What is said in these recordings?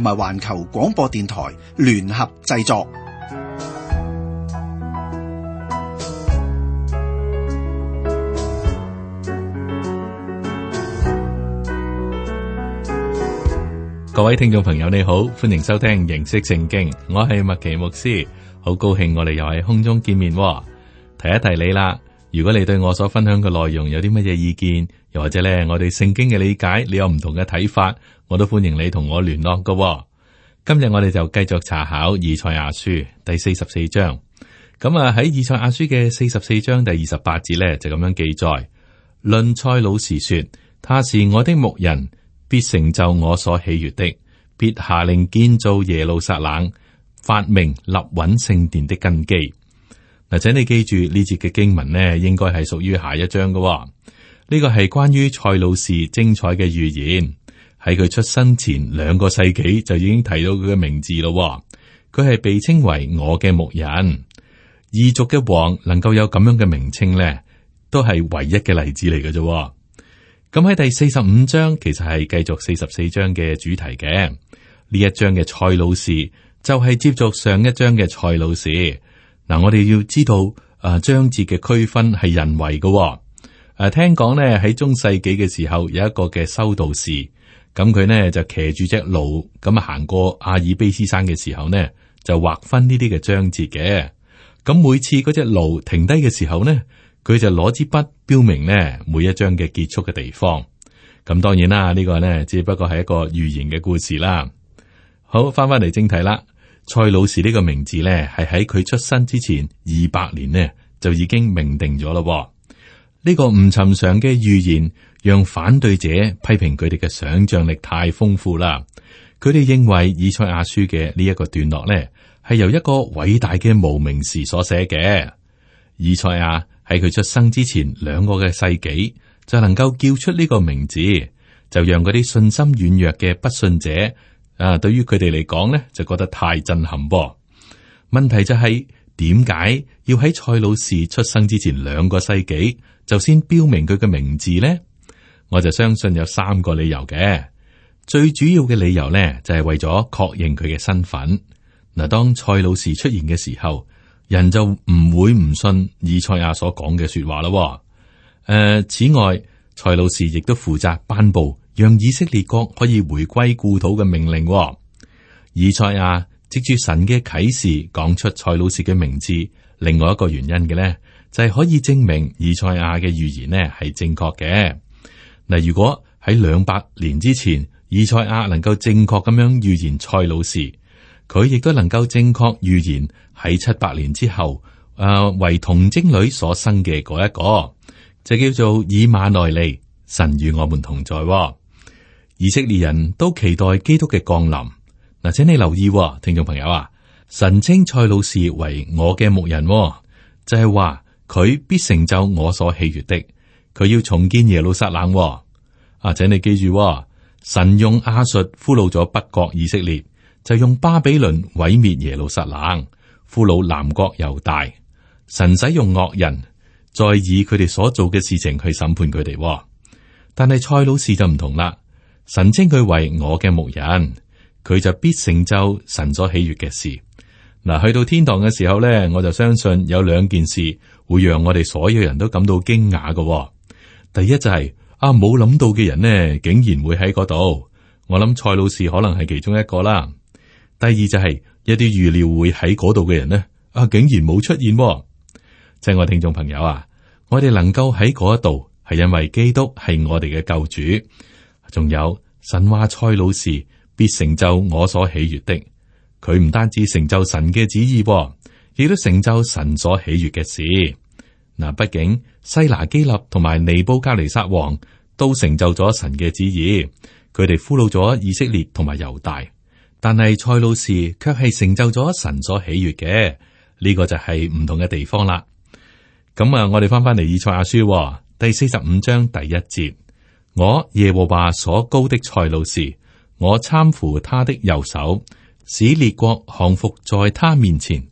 同埋環球廣播電台聯合製作。各位聽眾朋友，你好，歡迎收聽認識聖經。我係麥奇牧師，好高興我哋又喺空中見面。提一提你啦，如果你對我所分享嘅內容有啲乜嘢意見，又或者咧我對聖經嘅理解，你有唔同嘅睇法。我都歡迎你同我聯絡嘅、哦。今日我哋就繼續查考《以賽亞書》第四十四章。咁啊，喺《以賽亞書》嘅四十四章第二十八節呢，就咁樣記載：論賽老師說，他是我的牧人，必成就我所喜悅的，必下令建造耶路撒冷，發命立穩聖殿的根基。嗱，請你記住呢節嘅經文呢，應該係屬於下一章嘅、哦。呢、這個係關於賽老師精彩嘅預言。喺佢出生前兩個世紀就已經提到佢嘅名字咯、哦。佢係被稱為我嘅牧人異族嘅王，能夠有咁樣嘅名稱咧，都係唯一嘅例子嚟嘅。啫。咁喺第四十五章，其實係繼續四十四章嘅主題嘅，呢一章嘅蔡老師就係接續上一章嘅蔡老師嗱。我哋要知道，誒、啊、章節嘅區分係人為嘅、哦。誒、啊，聽講咧喺中世紀嘅時候，有一個嘅修道士。咁佢呢就騎住隻驢，咁啊行過阿爾卑斯山嘅時候呢，就劃分呢啲嘅章節嘅。咁每次嗰隻驢停低嘅時候呢，佢就攞支筆標明呢每一章嘅結束嘅地方。咁當然啦，呢、這個呢只不過係一個寓言嘅故事啦。好，翻翻嚟正題啦。塞魯士呢個名字呢係喺佢出生之前二百年呢就已經命定咗咯。呢、這個唔尋常嘅預言。讓反對者批評佢哋嘅想象力太豐富啦。佢哋認為以賽亞書嘅呢一個段落呢，係由一個偉大嘅無名氏所寫嘅。以賽亞喺佢出生之前兩個嘅世紀就能夠叫出呢個名字，就讓嗰啲信心軟弱嘅不信者啊，對於佢哋嚟講呢，就覺得太震撼噃。問題就係點解要喺賽魯士出生之前兩個世紀就先標明佢嘅名字呢？我就相信有三個理由嘅。最主要嘅理由呢，就係為咗確認佢嘅身份。嗱，當塞魯士出現嘅時候，人就唔會唔信以賽亞所講嘅說話咯。誒、呃，此外，塞魯士亦都負責頒布讓以色列國可以回歸故土嘅命令。以賽亞藉住神嘅啟示講出塞魯士嘅名字，另外一個原因嘅咧，就係可以證明以賽亞嘅預言呢係正確嘅。嗱，如果喺兩百年之前，以賽亞能夠正確咁樣預言賽魯士，佢亦都能夠正確預言喺七百年之後，誒、呃、為童貞女所生嘅嗰一個，就叫做以馬內利，神與我們同在。以色列人都期待基督嘅降臨。嗱，請你留意，聽眾朋友啊，神稱賽魯士為我嘅牧人，就係話佢必成就我所喜悅的。佢要重建耶路撒冷、哦，啊，請你記住、哦，神用亞述俘虜咗北國以色列，就用巴比倫毀滅耶路撒冷，俘虜南國猶大。神使用惡人，再以佢哋所做嘅事情去審判佢哋、哦。但係塞魯士就唔同啦，神稱佢為我嘅牧人，佢就必成就神所喜悅嘅事。嗱、啊，去到天堂嘅時候咧，我就相信有兩件事會讓我哋所有人都感到驚訝嘅。第一就係、是、啊冇諗到嘅人呢，竟然會喺嗰度。我諗蔡老師可能係其中一個啦。第二就係、是、一啲預料會喺嗰度嘅人呢，啊竟然冇出現、啊。真、就、愛、是、聽眾朋友啊，我哋能夠喺嗰度係因為基督係我哋嘅救主。仲有神話蔡老師，必成就我所喜悅的。佢唔單止成就神嘅旨意、啊，亦都成就神所喜悅嘅事。嗱，畢竟西拿基立同埋尼布加尼撒王都成就咗神嘅旨意，佢哋俘虜咗以色列同埋猶大。但係賽路士卻係成就咗神所喜悅嘅呢，這個就係唔同嘅地方啦。咁、嗯、啊，我哋翻翻嚟以賽亞書、哦、第四十五章第一節：我耶和華所膏的賽路士，我攙扶他的右手，使列國降服在他面前。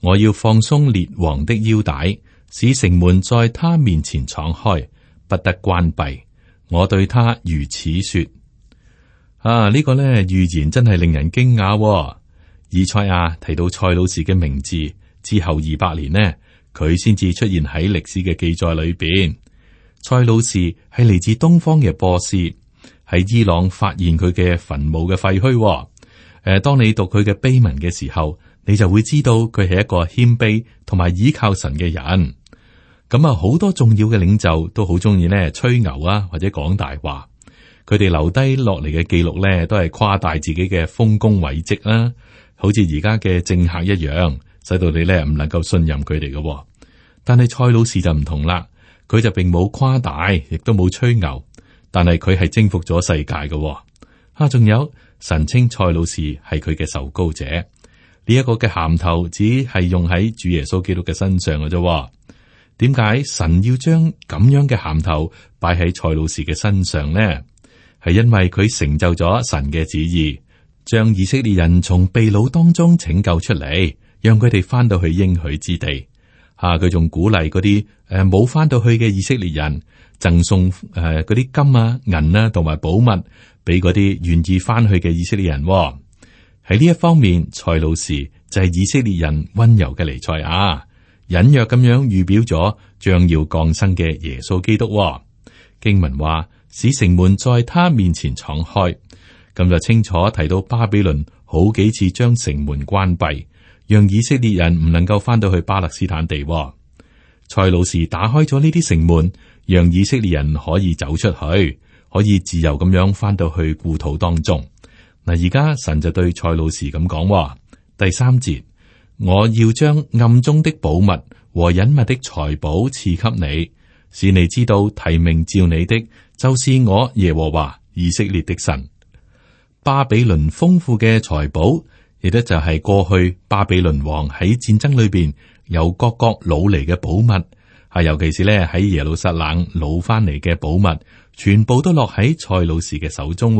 我要放鬆列王的腰帶。使城門在他面前敞開，不得關閉。我對他如此說：啊，這個、呢個咧預言真係令人驚訝、哦。以賽亞提到蔡老師嘅名字之後，二百年呢，佢先至出現喺歷史嘅記載裏邊。蔡老師係嚟自東方嘅博士，喺伊朗發現佢嘅墳墓嘅廢墟、哦。誒、啊，當你讀佢嘅碑文嘅時候，你就會知道佢係一個謙卑同埋依靠神嘅人。咁啊，好多重要嘅領袖都好中意咧吹牛啊，或者講大話。佢哋留低落嚟嘅記錄咧，都係誇大自己嘅豐功偉績啦。好似而家嘅政客一樣，使到你咧唔能夠信任佢哋嘅。但係塞魯士就唔同啦，佢就並冇誇大，亦都冇吹牛。但係佢係征服咗世界嘅啊，仲有神稱塞魯士係佢嘅受膏者呢一、這個嘅銜頭，只係用喺主耶穌基督嘅身上嘅啫。點解神要將咁樣嘅銜頭擺喺塞魯士嘅身上呢？係因為佢成就咗神嘅旨意，將以色列人從被擄當中拯救出嚟，讓佢哋翻到去應許之地。吓、啊，佢仲鼓勵嗰啲誒冇翻到去嘅以色列人贈，贈送誒嗰啲金啊銀啊同埋寶物，俾嗰啲願意翻去嘅以色列人、哦。喺呢一方面，塞魯士就係以色列人溫柔嘅彌賽亞。隱約咁樣預表咗將要降生嘅耶穌基督、哦、經文話，使城門在他面前敞開。咁就清楚提到巴比倫好幾次將城門關閉，讓以色列人唔能夠翻到去巴勒斯坦地、哦。塞魯士打開咗呢啲城門，讓以色列人可以走出去，可以自由咁樣翻到去故土當中。嗱，而家神就對塞魯士咁講話，第三節。我要將暗中的寶物和隱密的財寶賜給你，使你知道提名召你的就是我耶和華，以色列的神。巴比倫豐富嘅財寶，亦都就係過去巴比倫王喺戰爭裏邊由各國攞嚟嘅寶物，啊，尤其是咧喺耶路撒冷攞翻嚟嘅寶物，全部都落喺賽魯士嘅手中。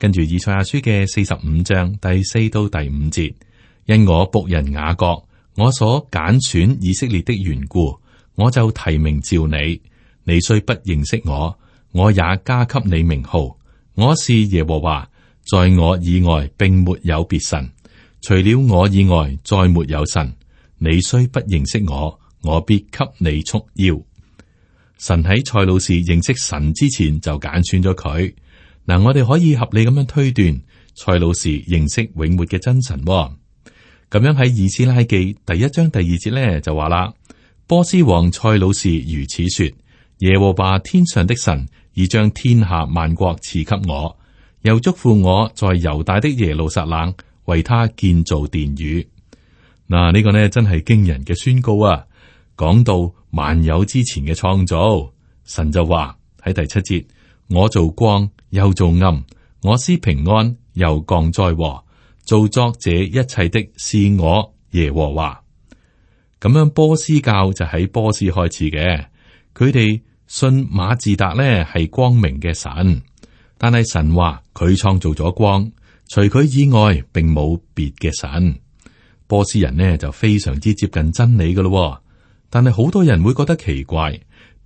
跟住以賽亞書嘅四十五章第四到第五節。因我僕人雅各，我所揀選以色列的緣故，我就提名召你。你雖不認識我，我也加給你名號。我是耶和華，在我以外並沒有別神，除了我以外再沒有神。你雖不認識我，我必給你束腰。神喺蔡老師認識神之前就揀選咗佢。嗱，我哋可以合理咁樣推斷，蔡老師認識永活嘅真神、哦。咁樣喺《以斯拉記》第一章第二節咧就話啦，波斯王塞魯士如此說：耶和華天上的神已將天下萬國賜給我，又囑咐我在猶大的耶路撒冷為他建造殿宇。嗱、啊，呢、呢個呢，真係驚人嘅宣告啊！講到萬有之前嘅創造，神就話喺第七節：我做光又做暗，我施平安又降災禍。造作這一切的是我耶和華，咁樣，波斯教就喺波斯開始嘅。佢哋信馬自達咧係光明嘅神，但係神話佢創造咗光，除佢以外並冇別嘅神。波斯人呢就非常之接近真理噶咯，但係好多人會覺得奇怪，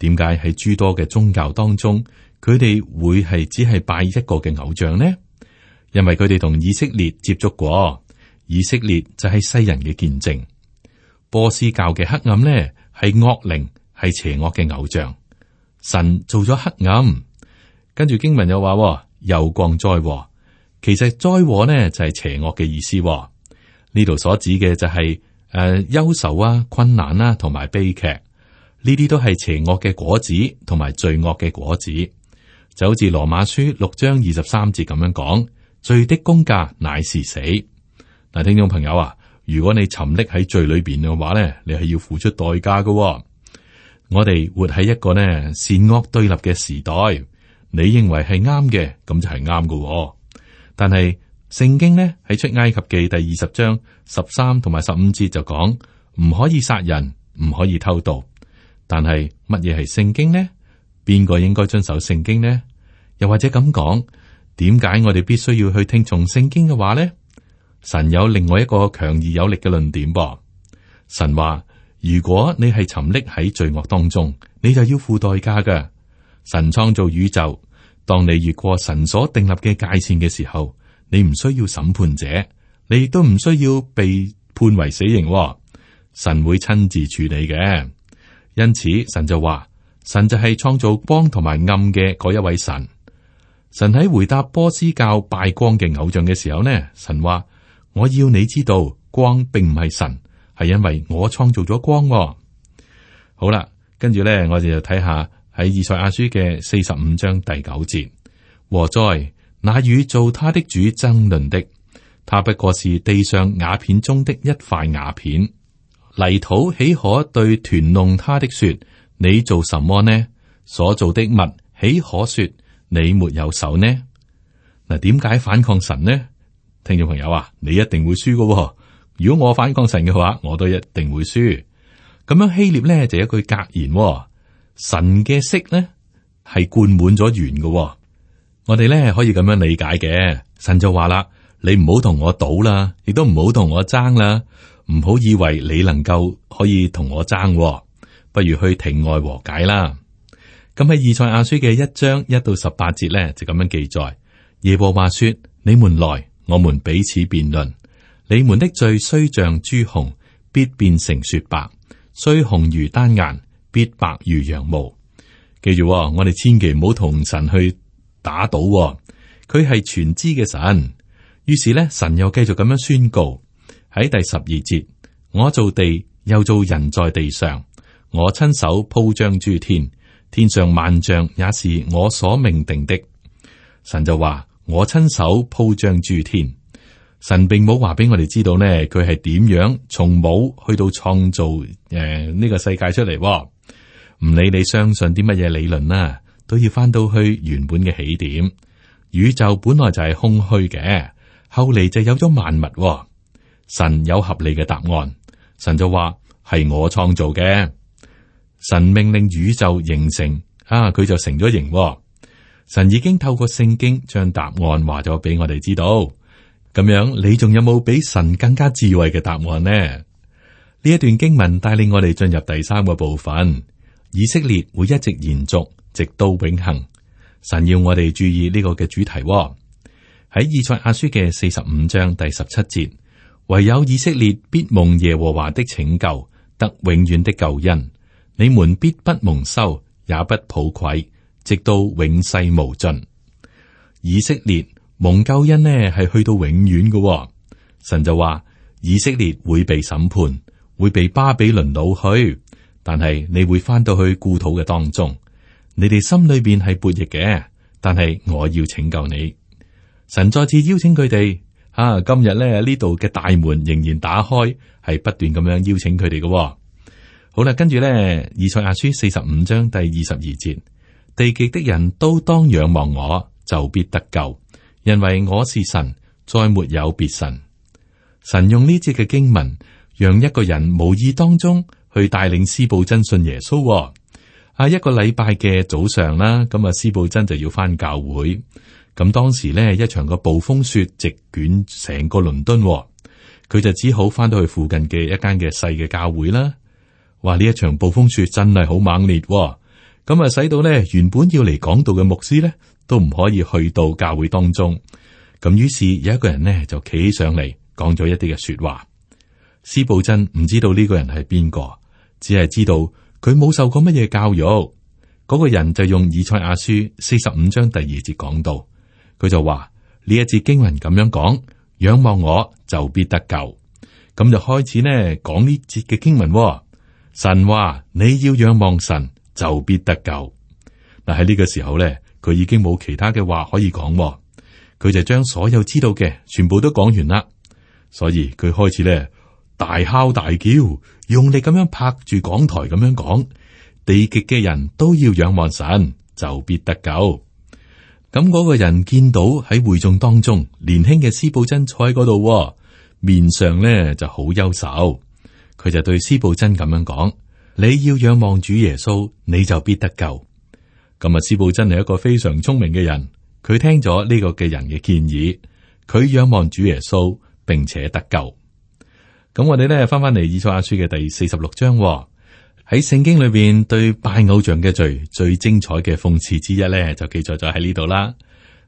點解喺諸多嘅宗教當中，佢哋會係只係拜一個嘅偶像呢？因為佢哋同以色列接觸過，以色列就係世人嘅見證。波斯教嘅黑暗咧係惡靈，係邪惡嘅偶像。神做咗黑暗，跟住經文又話又降災禍。其實災禍呢就係、是、邪惡嘅意思、哦。呢度所指嘅就係誒憂愁啊、困難啦、啊，同埋悲劇呢啲都係邪惡嘅果子，同埋罪惡嘅果子。就好似羅馬書六章二十三節咁樣講。罪的工價乃是死。嗱，聽眾朋友啊，如果你沉溺喺罪裏邊嘅話咧，你係要付出代價嘅哦。我哋活喺一個咧善惡對立嘅時代，你認為係啱嘅，咁就係啱嘅。但係聖經呢，喺出埃及記第二十章十三同埋十五節就講，「唔可以殺人，唔可以偷盜。」但係乜嘢係聖經呢？邊個應該遵守聖經呢？又或者咁講？點解我哋必須要去聽從聖經嘅話呢？神有另外一個強而有力嘅論點噃。神話：如果你係沉溺喺罪惡當中，你就要付代價嘅。神創造宇宙，當你越過神所定立嘅界綫嘅時候，你唔需要審判者，你亦都唔需要被判為死刑。神會親自處理嘅。因此，神就話：神就係創造光同埋暗嘅嗰一位神。神喺回答波斯教拜光嘅偶像嘅時候呢，神話，我要你知道光並唔係神，係因為我創造咗光，哦。好啦，跟住呢，我哋就睇下喺以賽亞書嘅四十五章第九節。禍哉，那與造他的主爭論的，他不過是地上瓦片中的一塊瓦片，泥土豈可對摶弄他的說你做什麼呢？所造的物豈可說？你沒有手呢？嗱，點解反抗神呢？聽眾朋友啊，你一定會輸噶、哦。如果我反抗神嘅話，我都一定會輸。咁樣希列咧就是、一句格言、哦，神嘅色咧係灌滿咗圓噶。我哋咧可以咁樣理解嘅。神就話啦，你唔好同我賭啦，亦都唔好同我爭啦，唔好以為你能夠可以同我爭、哦，不如去庭外和解啦。咁喺《以賽亞書》嘅一章一到十八節咧，就咁樣記載。耶和華說：你們來，我們彼此辯論。你們的罪雖像朱紅，必變成雪白；雖紅如丹顏，必白如羊毛。記住、哦，我哋千祈唔好同神去打賭、哦，佢係全知嘅神。於是咧，神又繼續咁樣宣告喺第十二節：我造地，又造人在地上，我親手鋪張諸天。天上萬象也是我所命定的，神就話：我親手鋪張諸天。神並冇話俾我哋知道呢，佢係點樣從冇去到創造誒呢、呃呢個世界出嚟、哦。唔理你相信啲乜嘢理論啦，都要翻到去原本嘅起點。宇宙本來就係空虛嘅，後嚟就有咗萬物、哦。神有合理嘅答案，神就話：係我創造嘅。神命令宇宙形成啊，佢就成咗形、哦。神已經透過聖經將答案話咗俾我哋知道。咁樣，你仲有冇比神更加智慧嘅答案呢？呢一段經文帶領我哋進入第三個部分。以色列會一直延續，直到永恆。神要我哋注意呢個嘅主題喺、哦、以賽亞書嘅四十五章第十七節，唯有以色列必蒙耶和華的拯救，得永遠的救恩。你們必不蒙羞，也不抱愧，直到永世無盡。以色列蒙救恩呢，係去到永遠嘅喎。神就話：以色列會被審判，會被巴比倫擄去，但係你會翻到去故土嘅當中。你哋心裏邊係悖逆嘅，但係我要拯救你。神再次邀請佢哋啊，今日呢呢度嘅大門仍然打開，係不斷咁樣邀請佢哋嘅。好啦，跟住咧，《以賽亞書》四十五章第二十二節：地極的人都當仰望我，就必得救，因為我是神，再沒有別神。神用呢節嘅經文，讓一個人無意當中去帶領司布真信耶穌，哦。啊，一個禮拜嘅早上啦，咁啊，司布真就要翻教會。咁當時呢，一場個暴風雪席捲成個倫敦，哦，佢就只好翻到去附近嘅一間嘅細嘅教會啦。話呢一場暴風雪真係好猛烈，哦，咁啊，使到呢原本要嚟講道嘅牧師呢都唔可以去到教會當中。咁於是有一個人呢就企起上嚟，講咗一啲嘅說話。司布真唔知道呢個人係邊個，只係知道佢冇受過乜嘢教育。嗰、那個人就用以賽亞書四十五章第二節講道，佢就話呢一節經文咁樣講，仰望我就必得救。咁就開始呢講呢節嘅經文，哦。神話，你要仰望神就必得救。但喺呢個時候咧，佢已經冇其他嘅話可以講，佢就將所有知道嘅全部都講完啦。所以佢開始咧大喊大叫，用力咁樣拍住講台咁樣講，地極嘅人都要仰望神就必得救。咁嗰個人見到喺會眾當中年輕嘅司布真坐喺嗰度，面上咧就好憂愁。佢就對司布真咁樣講：你要仰望主耶穌，你就必得救。今日司布真係一個非常聰明嘅人，佢聽咗呢個嘅人嘅建議，佢仰望主耶穌，並且得救。咁、嗯、我哋咧翻翻嚟以賽亞書嘅第四十六章喺、哦、聖經裏邊對拜偶像嘅罪最精彩嘅諷刺之一咧，就記載咗喺呢度啦。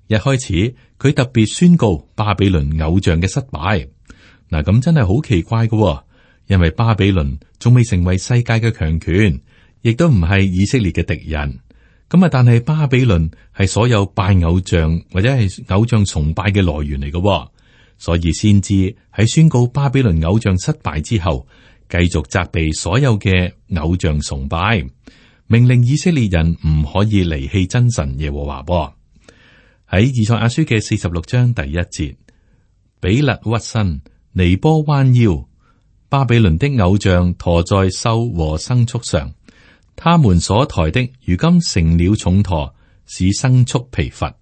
一開始佢特別宣告巴比倫偶像嘅失敗嗱，咁、啊、真係好奇怪噶、哦。因為巴比倫仲未成為世界嘅強權，亦都唔係以色列嘅敵人咁啊。但係巴比倫係所有拜偶像或者係偶像崇拜嘅來源嚟嘅，所以先至喺宣告巴比倫偶像失敗之後，繼續責備所有嘅偶像崇拜，命令以色列人唔可以離棄真神耶和華噃。喺《以賽亞書》嘅四十六章第一節，比勒屈身，尼波彎腰。巴比倫的偶像馱在獸和牲畜上，他們所抬的如今成了重馱，使牲畜疲乏。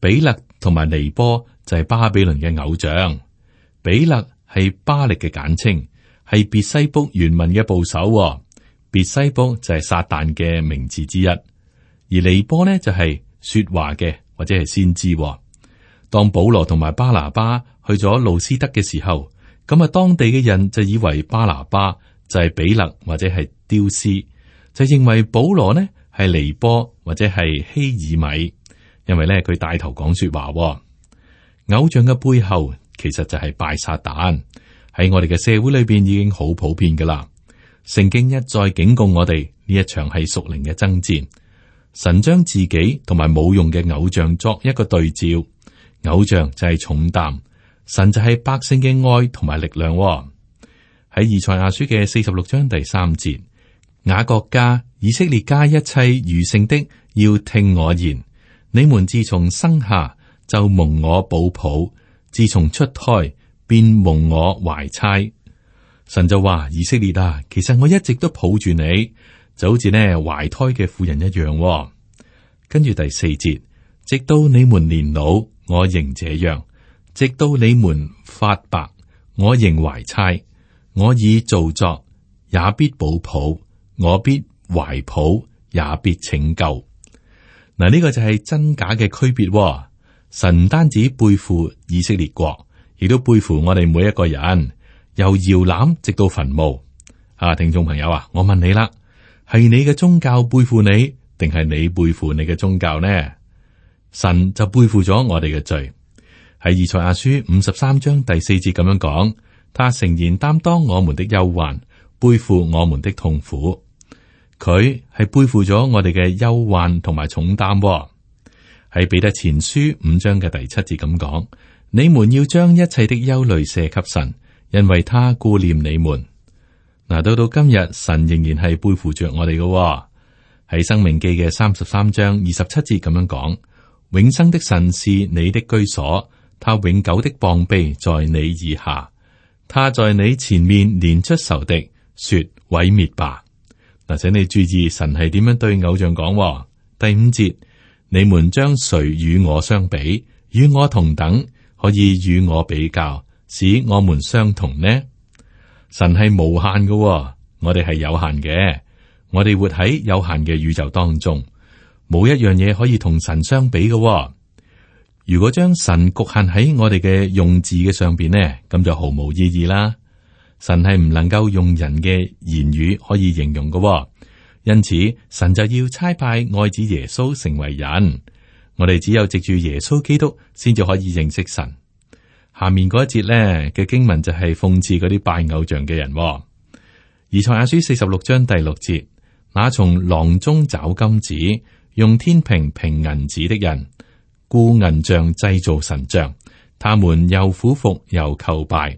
比勒同埋尼波就係巴比倫嘅偶像。比勒係巴力嘅簡稱，係別西卜原文嘅部首。別西卜就係撒旦嘅名字之一。而尼波呢就係說話嘅或者係先知。當保羅同埋巴拿巴去咗路斯德嘅時候。咁啊，當地嘅人就以為巴拿巴就係比勒或者係丟斯，就認為保羅呢係尼波或者係希爾米，因為咧佢帶頭講說話。偶像嘅背後其實就係拜撒旦，喺我哋嘅社會裏邊已經好普遍噶啦。聖經一再警告我哋呢一場係屬靈嘅爭戰，神將自己同埋冇用嘅偶像作一個對照，偶像就係重擔。神就係百姓嘅愛同埋力量。喺以賽亞書嘅四十六章第三節，雅各家、以色列家一切餘剩的要聽我言，你們自從生下就蒙我保抱，自從出胎便蒙我懷胎。神就話以色列啊，其實我一直都抱住你，就好似呢懷胎嘅婦人一樣，哦。跟住第四節，直到你們年老，我仍這樣。直到你們髮白，我仍懷差；我已造作，也必保抱；我必懷抱，也必拯救。嗱，呢個就係真假嘅區別喎。神唔單止背負以色列國，亦都背負我哋每一個人，由搖籃直到墳墓。啊，聽眾朋友啊，我問你啦，係你嘅宗教背負你，定係你背負你嘅宗教呢？神就背負咗我哋嘅罪。喺以賽亞書五十三章第四節咁樣講，他誠然擔當我們的憂患，背負我們的痛苦。佢係背負咗我哋嘅憂患同埋重擔、哦。喺彼得前書五章嘅第七節咁講，你們要將一切的憂慮卸給神，因為他顧念你們。嗱，到到今日，神仍然係背負着我哋嘅、哦。喺生命記嘅三十三章二十七節咁樣講，永生的神是你的居所。他永久的膀臂在你以下，他在你前面連出仇敵說毀滅吧。但請你注意，神係點樣對偶像講、哦？第五節，你們將誰與我相比，與我同等，可以與我比較，使我們相同呢？神係無限嘅、哦，我哋係有限嘅，我哋活喺有限嘅宇宙當中，冇一樣嘢可以同神相比嘅、哦。如果將神局限喺我哋嘅用字嘅上邊呢，咁就毫無意義啦。神係唔能夠用人嘅言語可以形容㗎、哦，因此神就要差派愛子耶穌成為人。我哋只有藉住耶穌基督，先至可以認識神。下面嗰一節呢嘅經文就係諷刺嗰啲拜偶像嘅人、哦。而以賽亞書四十六章第六節，那從囊中找金子，用天平平銀子的人。雇銀匠製造神像，他們又俯伏又叩拜。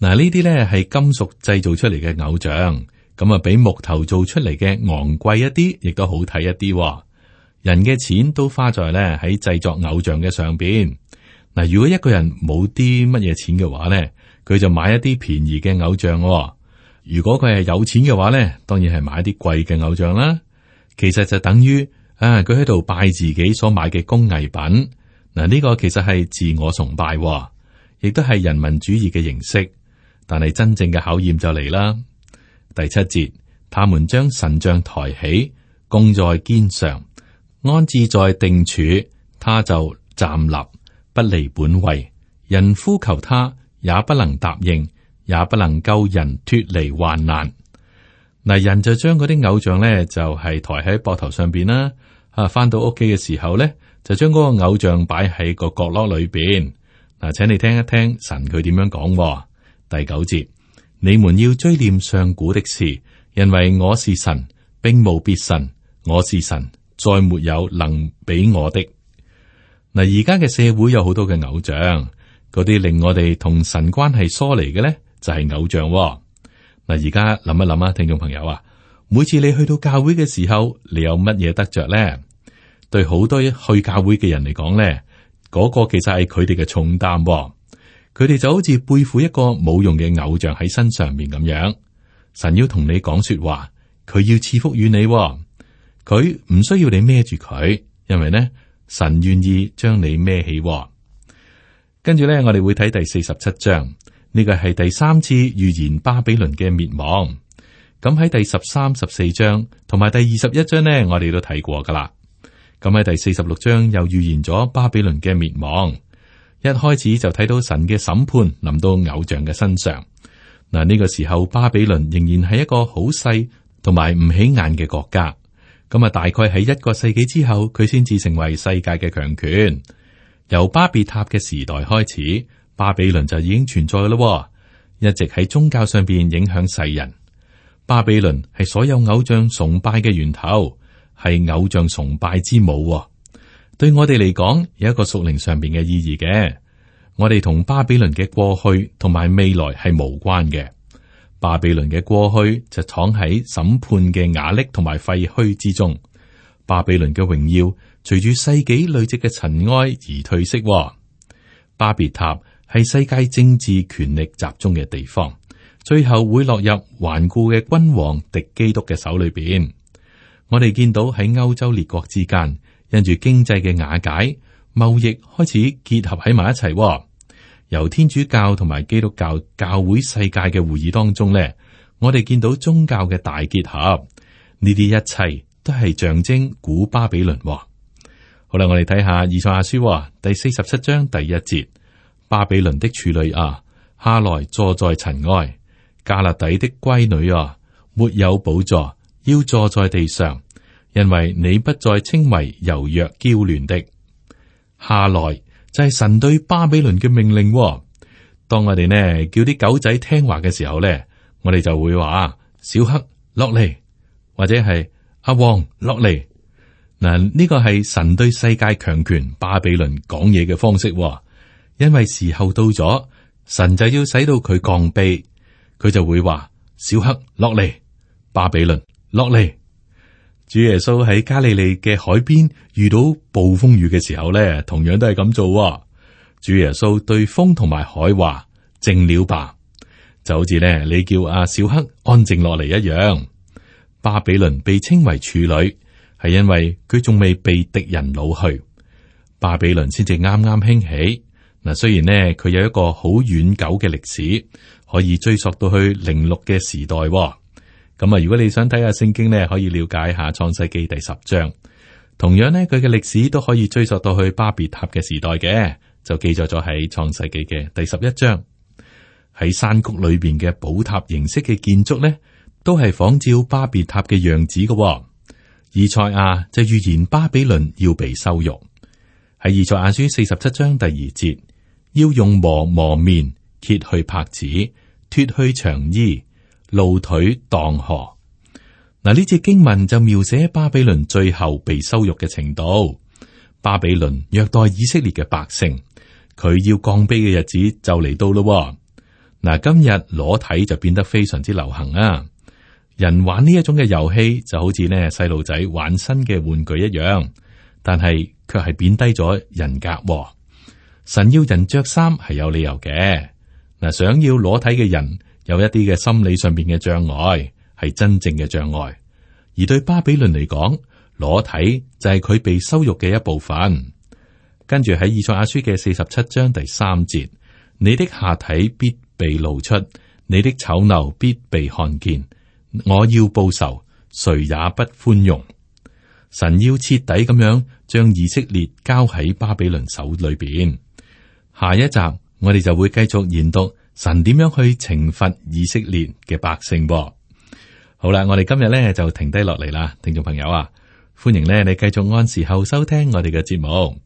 嗱，呢啲呢係金屬製造出嚟嘅偶像，咁啊比木頭做出嚟嘅昂貴一啲，亦都好睇一啲。人嘅錢都花在咧喺製作偶像嘅上面。嗱，如果一個人冇啲乜嘢錢嘅話呢，佢就買一啲便宜嘅偶像，如果佢係有錢嘅話呢，當然係買啲貴嘅偶像啦。其實就等於。啊！佢喺度拜自己所買嘅工藝品，嗱、這、呢個其實係自我崇拜、哦，亦都係人民主義嘅形式。但係真正嘅考驗就嚟啦。第七節，他們將神像抬起，供在肩上，安置在定處，他就站立，不離本位。人呼求他，也不能答應，也不能救人脫離患難。嗱，人就將嗰啲偶像呢，就係、是、抬喺膊頭上邊啦。啊！翻到屋企嘅時候咧，就將嗰個偶像擺喺個角落裏邊。嗱，請你聽一聽神佢點樣講喎。第九節，你們要追念上古的事，因為我是神，並無別神。我是神，再沒有能比我的。嗱，而家嘅社會有好多嘅偶像，嗰啲令我哋同神關係疏離嘅咧，就係偶像喎。嗱，而家諗一諗啊，聽眾朋友啊，每次你去到教會嘅時候，你有乜嘢得着咧？對好多去教會嘅人嚟講呢，嗰個其實係佢哋嘅重擔、哦。佢哋就好似背負一個冇用嘅偶像喺身上面咁樣。神要同你講說話，佢要賜福於你、哦，佢唔需要你孭住佢，因為呢，神願意將你孭起、哦。跟住呢，我哋會睇第四十七章，呢個係第三次預言巴比倫嘅滅亡。咁喺第十三、十四章同埋第二十一章呢，我哋都睇過噶啦。咁喺第四十六章又預言咗巴比倫嘅滅亡，一開始就睇到神嘅審判臨到偶像嘅身上。嗱、這、呢個時候，巴比倫仍然係一個好細同埋唔起眼嘅國家。咁啊，大概喺一個世紀之後，佢先至成為世界嘅強權。由巴別塔嘅時代開始，巴比倫就已經存在啦，一直喺宗教上邊影響世人。巴比倫係所有偶像崇拜嘅源頭。係偶像崇拜之母、哦，對我哋嚟講有一個屬靈上邊嘅意義嘅。我哋同巴比倫嘅過去同埋未來係無關嘅。巴比倫嘅過去就躺喺審判嘅瓦礫同埋廢墟之中。巴比倫嘅榮耀隨住世紀累積嘅塵埃而褪色、哦。巴別塔係世界政治權力集中嘅地方，最後會落入頑固嘅君王敵基督嘅手裏邊。我哋見到喺歐洲列國之間，因住經濟嘅瓦解，貿易開始結合喺埋一齊、哦。由天主教同埋基督教教會世界嘅會議當中咧，我哋見到宗教嘅大結合。呢啲一切都係象徵古巴比倫、哦。好啦，我哋睇下書、哦《以賽亞書》話第四十七章第一節：巴比倫的處女啊，下來坐在塵埃；迦勒底的閨女啊，沒有寶座。要坐在地上，因為你不再稱為柔弱嬌嫩的。下來就係神對巴比倫嘅命令、哦。當我哋呢叫啲狗仔聽話嘅時候咧，我哋就會話小黑落嚟，或者係阿旺落嚟嗱。呢個係神對世界強權巴比倫講嘢嘅方式、哦，因為時候到咗，神就要使到佢降卑，佢就會話小黑落嚟，巴比倫。落嚟，主耶穌喺加利利嘅海邊遇到暴風雨嘅時候咧，同樣都係咁做。主耶穌對風同埋海話靜了吧，就好似咧你叫阿小黑安靜落嚟一樣。巴比倫被稱為處女，係因為佢仲未被敵人擄去，巴比倫先至啱啱興起。嗱，雖然咧佢有一個好遠久嘅歷史，可以追溯到去寧錄嘅時代。咁啊，如果你想睇下聖經呢，可以了解下創世記第十章。同樣呢，佢嘅歷史都可以追溯到去巴別塔嘅時代嘅，就記載咗喺創世記嘅第十一章。喺山谷裏邊嘅寶塔形式嘅建築呢，都係仿照巴別塔嘅樣子嘅。以賽亞就預言巴比倫要被羞辱，喺以賽亞書四十七章第二節，要用磨磨麵，揭去帕子，脫去長衣，露腿蕩河，嗱呢隻經文就描寫巴比倫最後被羞辱嘅程度。巴比倫虐待以色列嘅百姓，佢要降卑嘅日子就嚟到咯。嗱，今日裸體就變得非常之流行啊！人玩呢一種嘅遊戲，就好似呢細路仔玩新嘅玩具一樣，但係卻係貶低咗人格啊。神要人着衫係有理由嘅，嗱，想要裸體嘅人。有一啲嘅心理上邊嘅障礙係真正嘅障礙，而對巴比倫嚟講，裸體就係佢被羞辱嘅一部分。跟住喺以賽亞書嘅四十七章第三節， 你的下體必被露出，你的醜陋必被看見。我要報仇，誰也不寬容。神要徹底咁樣將以色列交喺巴比倫手裏邊。下一集我哋就會繼續研讀。神點樣去懲罰以色列嘅百姓？噃好啦，我哋今日咧就停低落嚟啦，聽眾朋友啊，歡迎咧你繼續按時候收聽我哋嘅節目。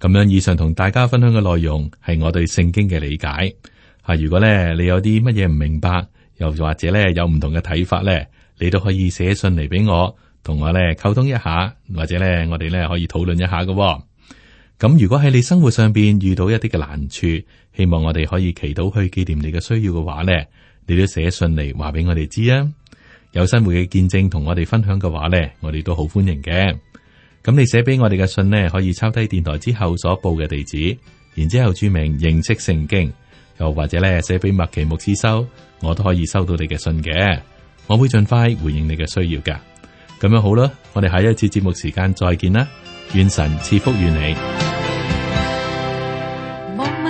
咁樣以上同大家分享嘅內容係我對聖經嘅理解吓啊。如果咧你有啲乜嘢唔明白，又或者咧有唔同嘅睇法咧，你都可以寫信嚟俾我，同我咧溝通一下，或者咧我哋咧可以討論一下噶。咁如果喺你生活上邊遇到一啲嘅難處，希望我哋可以祈禱去紀念你嘅需要嘅話呢，你都寫信嚟話俾我哋知啊。有新會嘅見證同我哋分享嘅話呢，我哋都好歡迎嘅。咁你寫俾我哋嘅信呢，可以抄低電台之後所報嘅地址，然之後注明認識聖經，又或者咧寫俾麥奇牧師收，我都可以收到你嘅信嘅。我會盡快回應你嘅需要㗎。咁樣好啦，我哋下一次節目時間再見啦，願神賜福與你。